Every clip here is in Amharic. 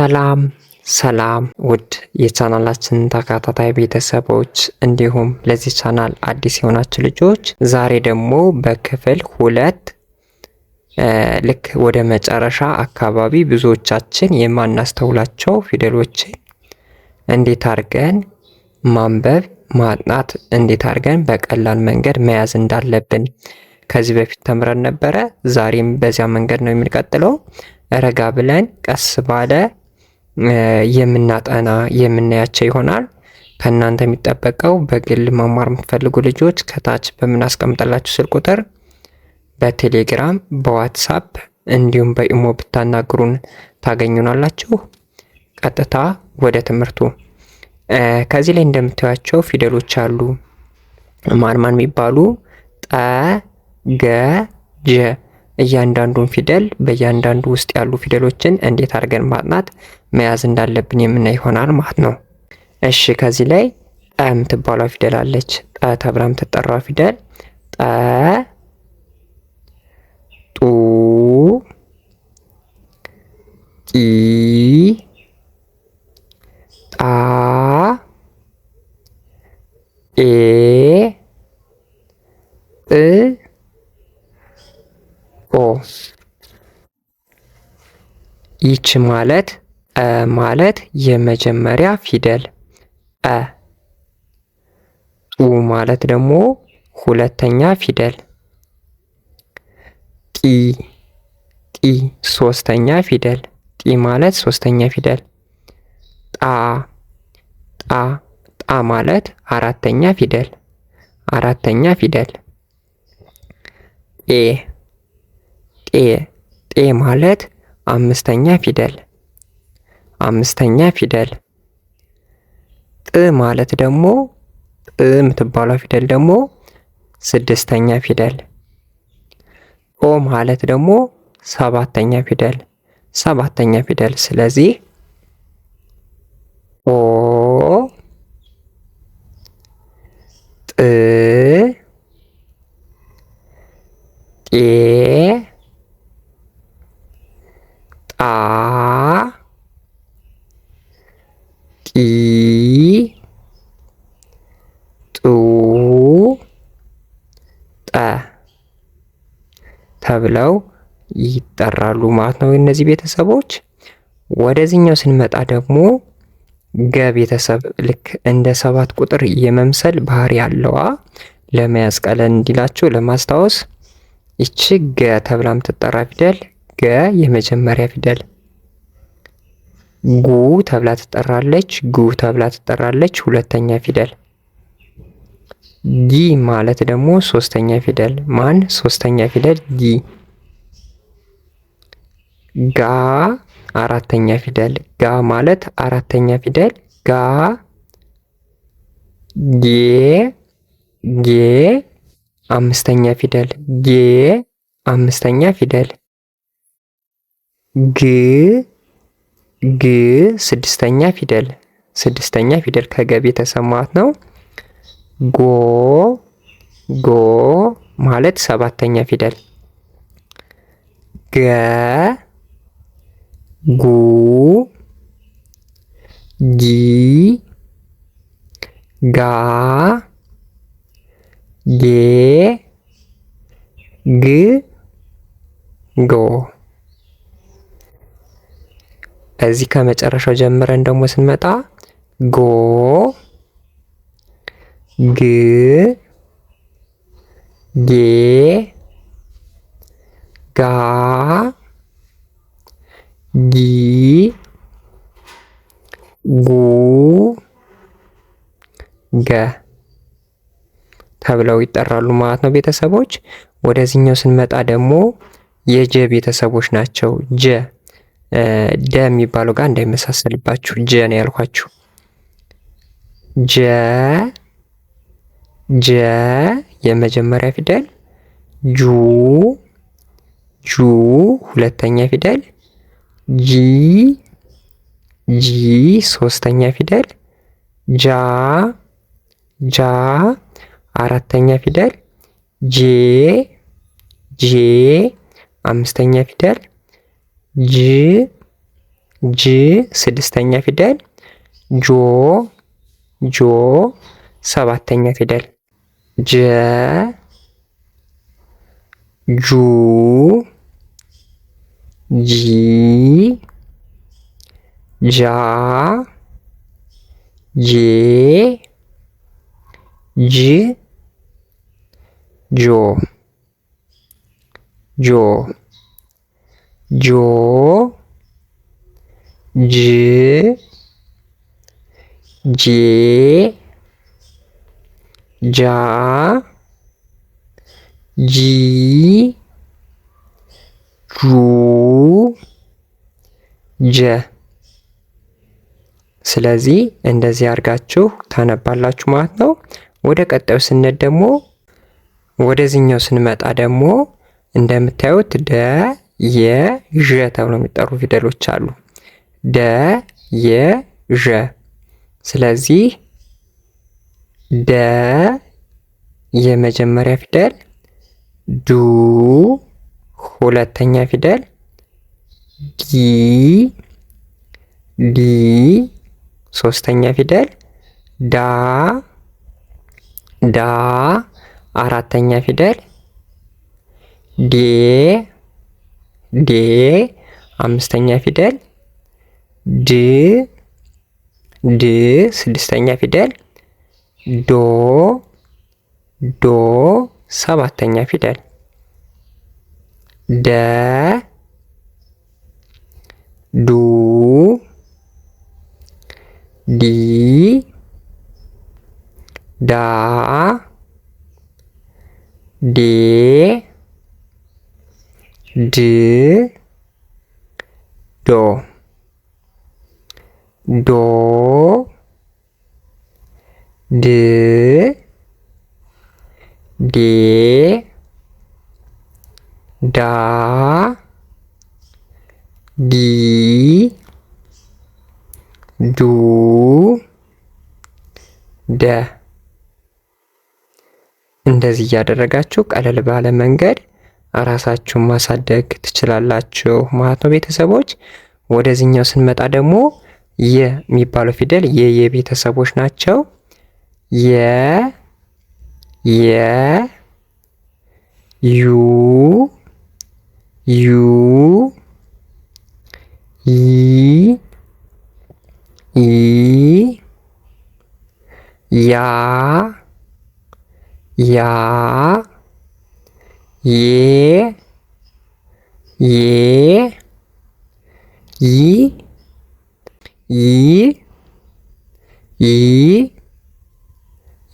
ሰላም ሰላም ውድ የቻናላችን ተከታታይ ቤተሰቦች እንዲሁም ለዚህ ቻናል አዲስ የሆናችሁ ልጆች ዛሬ ደግሞ በክፍል ሁለት ልክ ወደ መጨረሻ አካባቢ ብዙዎቻችን የማናስተውላቸው ፊደሎችን እንዴት አድርገን ማንበብ ማጥናት እንዴት አድርገን በቀላል መንገድ መያዝ እንዳለብን ከዚህ በፊት ተምረን ነበረ። ዛሬም በዚያ መንገድ ነው የምንቀጥለው። ረጋ ብለን ቀስ ባለ የምናጠና የምናያቸው ይሆናል። ከእናንተ የሚጠበቀው በግል መማር የምትፈልጉ ልጆች ከታች በምናስቀምጠላችሁ ስልክ ቁጥር በቴሌግራም በዋትሳፕ እንዲሁም በኢሞ ብታናግሩን ታገኙናላችሁ። ቀጥታ ወደ ትምህርቱ። ከዚህ ላይ እንደምታያቸው ፊደሎች አሉ። ማን ማን የሚባሉ ጠ፣ ገ፣ ጀ እያንዳንዱን ፊደል በእያንዳንዱ ውስጥ ያሉ ፊደሎችን እንዴት አድርገን ማጥናት መያዝ እንዳለብን የምናይ ይሆናል ማለት ነው። እሺ ከዚህ ላይ ጠ የምትባሏ ፊደል አለች። ጠ ተብላ የምትጠራ ፊደል ጠ፣ ጡ፣ ጢ፣ ጣ፣ ኤ ይች ማለት እ ማለት የመጀመሪያ ፊደል እ ኡ ማለት ደግሞ ሁለተኛ ፊደል ጢ ጢ ሶስተኛ ፊደል ጢ ማለት ሶስተኛ ፊደል ጣ ጣ ጣ ማለት አራተኛ ፊደል አራተኛ ፊደል ኤ ጤ ጤ ማለት አምስተኛ ፊደል አምስተኛ ፊደል ጥ ማለት ደግሞ ጥ የምትባለው ፊደል ደግሞ ስድስተኛ ፊደል ኦ ማለት ደግሞ ሰባተኛ ፊደል ሰባተኛ ፊደል ስለዚህ ኦ ጥ ጤ አ ቂ ጡ ጠ ተብለው ይጠራሉ ማለት ነው እነዚህ ቤተሰቦች። ወደዚህኛው ስንመጣ ደግሞ ገ ቤተሰብ ልክ እንደ ሰባት ቁጥር የመምሰል ባህሪ ያለዋ ለመያዝ ቀለን እንዲላቸው ለማስታወስ ይቺ ገ ተብላ የምትጠራ ፊደል ገ የመጀመሪያ ፊደል ጉ ተብላ ትጠራለች። ጉ ተብላ ትጠራለች ሁለተኛ ፊደል። ጊ ማለት ደግሞ ሶስተኛ ፊደል። ማን ሶስተኛ ፊደል? ጊ። ጋ አራተኛ ፊደል። ጋ ማለት አራተኛ ፊደል። ጋ ጌ ጌ አምስተኛ ፊደል። ጌ አምስተኛ ፊደል ግ ግ ስድስተኛ ፊደል ስድስተኛ ፊደል ከገ ቤተሰብ ማለት ነው። ጎ ጎ ማለት ሰባተኛ ፊደል ገ ጉ ጊ ጋ ጌ ግ ጎ እዚህ ከመጨረሻው ጀምረን ደግሞ ስንመጣ ጎ ግ ጌ ጋ ጊ ጉ ገ ተብለው ይጠራሉ ማለት ነው። ቤተሰቦች ወደዚህኛው ስንመጣ ደግሞ የጀ ቤተሰቦች ናቸው። ጀ ደ የሚባለው ጋር እንዳይመሳሰልባችሁ ጀ ነው ያልኳችሁ። ጀ ጀ የመጀመሪያ ፊደል፣ ጁ ጁ ሁለተኛ ፊደል፣ ጂ ጂ ሶስተኛ ፊደል፣ ጃ ጃ አራተኛ ፊደል፣ ጄ ጄ አምስተኛ ፊደል ጅ ጅ ስድስተኛ ፊደል ጆ ጆ ሰባተኛ ፊደል ጀ ጁ ጂ ጃ ጄ ጅ ጆ ጆ ጆ ጅ ጄ ጃ ጂ ጁ ጀ። ስለዚህ እንደዚህ አድርጋችሁ ታነባላችሁ ማለት ነው። ወደ ቀጣዩ ስነት ደግሞ ወደዚህኛው ስንመጣ ደግሞ እንደምታዩት ደ የዠ ተብሎ የሚጠሩ ፊደሎች አሉ። ደ የ ዠ። ስለዚህ ደ የመጀመሪያ ፊደል፣ ዱ ሁለተኛ ፊደል፣ ዲ ዲ ሶስተኛ ፊደል፣ ዳ ዳ አራተኛ ፊደል፣ ዴ ዴ አምስተኛ ፊደል ድ ድ ስድስተኛ ፊደል ዶ ዶ ሰባተኛ ፊደል ደ ዱ ዲ ዳ ዴ ድ ዶ ዶ ድ ዴ ዳ ዲ ዱ ደ እንደዚህ እያደረጋችሁ ቀለል ባለ መንገድ ራሳችሁን ማሳደግ ትችላላችሁ ማለት ነው ቤተሰቦች። ወደዚህኛው ስንመጣ ደግሞ የ የሚባለው ፊደል የ የቤተሰቦች ናቸው። የ የ ዩ ዩ ይ ይ ያ ያ የ ዬ ይ ይ ይ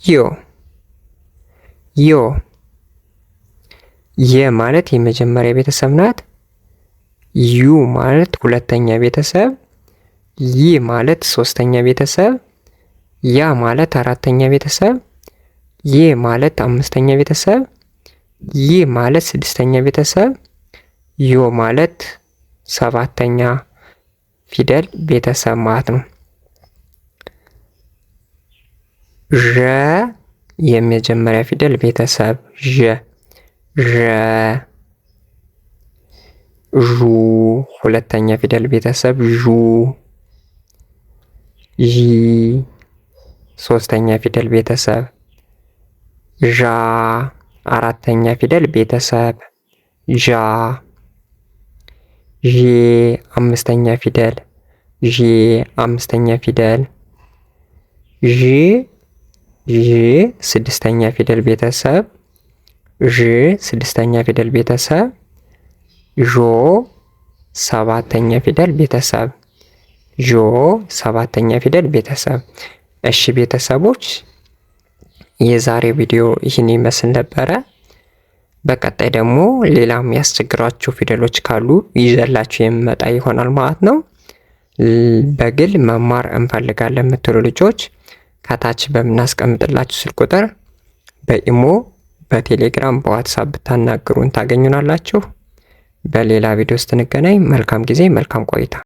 ዮ ዮ የ ማለት የመጀመሪያ ቤተሰብ ናት። ዩ ማለት ሁለተኛ ቤተሰብ፣ ይ ማለት ሶስተኛ ቤተሰብ፣ ያ ማለት አራተኛ ቤተሰብ፣ ዬ ማለት አምስተኛ ቤተሰብ ይህ ማለት ስድስተኛ ቤተሰብ፣ ዮ ማለት ሰባተኛ ፊደል ቤተሰብ ማለት ነው። ዠ የመጀመሪያ ፊደል ቤተሰብ ዠ ዠ ዡ ሁለተኛ ፊደል ቤተሰብ ዡ ዢ ሶስተኛ ፊደል ቤተሰብ ዣ አራተኛ ፊደል ቤተሰብ ዣ ዤ አምስተኛ ፊደል ዤ አምስተኛ ፊደል ዥ ዥ ስድስተኛ ፊደል ቤተሰብ ዥ ስድስተኛ ፊደል ቤተሰብ ዦ ሰባተኛ ፊደል ቤተሰብ ዦ ሰባተኛ ፊደል ቤተሰብ። እሺ ቤተሰቦች የዛሬ ቪዲዮ ይህን ይመስል ነበረ። በቀጣይ ደግሞ ሌላ ያስቸግሯችሁ ፊደሎች ካሉ ይዘላችሁ የሚመጣ ይሆናል ማለት ነው። በግል መማር እንፈልጋለን የምትሉ ልጆች ከታች በምናስቀምጥላችሁ ስልክ ቁጥር በኢሞ፣ በቴሌግራም፣ በዋትሳፕ ብታናግሩን ታገኙናላችሁ። በሌላ ቪዲዮ ስትንገናኝ መልካም ጊዜ፣ መልካም ቆይታ